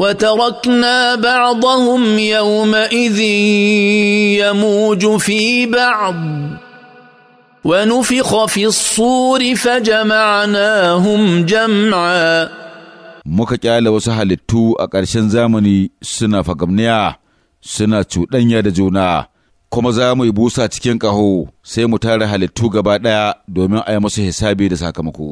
وتركنا بعضهم يومئذ يموج في بعض ونفخ في الصور فجمعناهم جمعا muka ƙyale wasu halittu a ƙarshen zamani suna fagamniya suna cuɗanya da juna kuma za mu yi busa cikin ƙaho sai mu tara halittu gaba ɗaya domin a yi musu hisabi da sakamako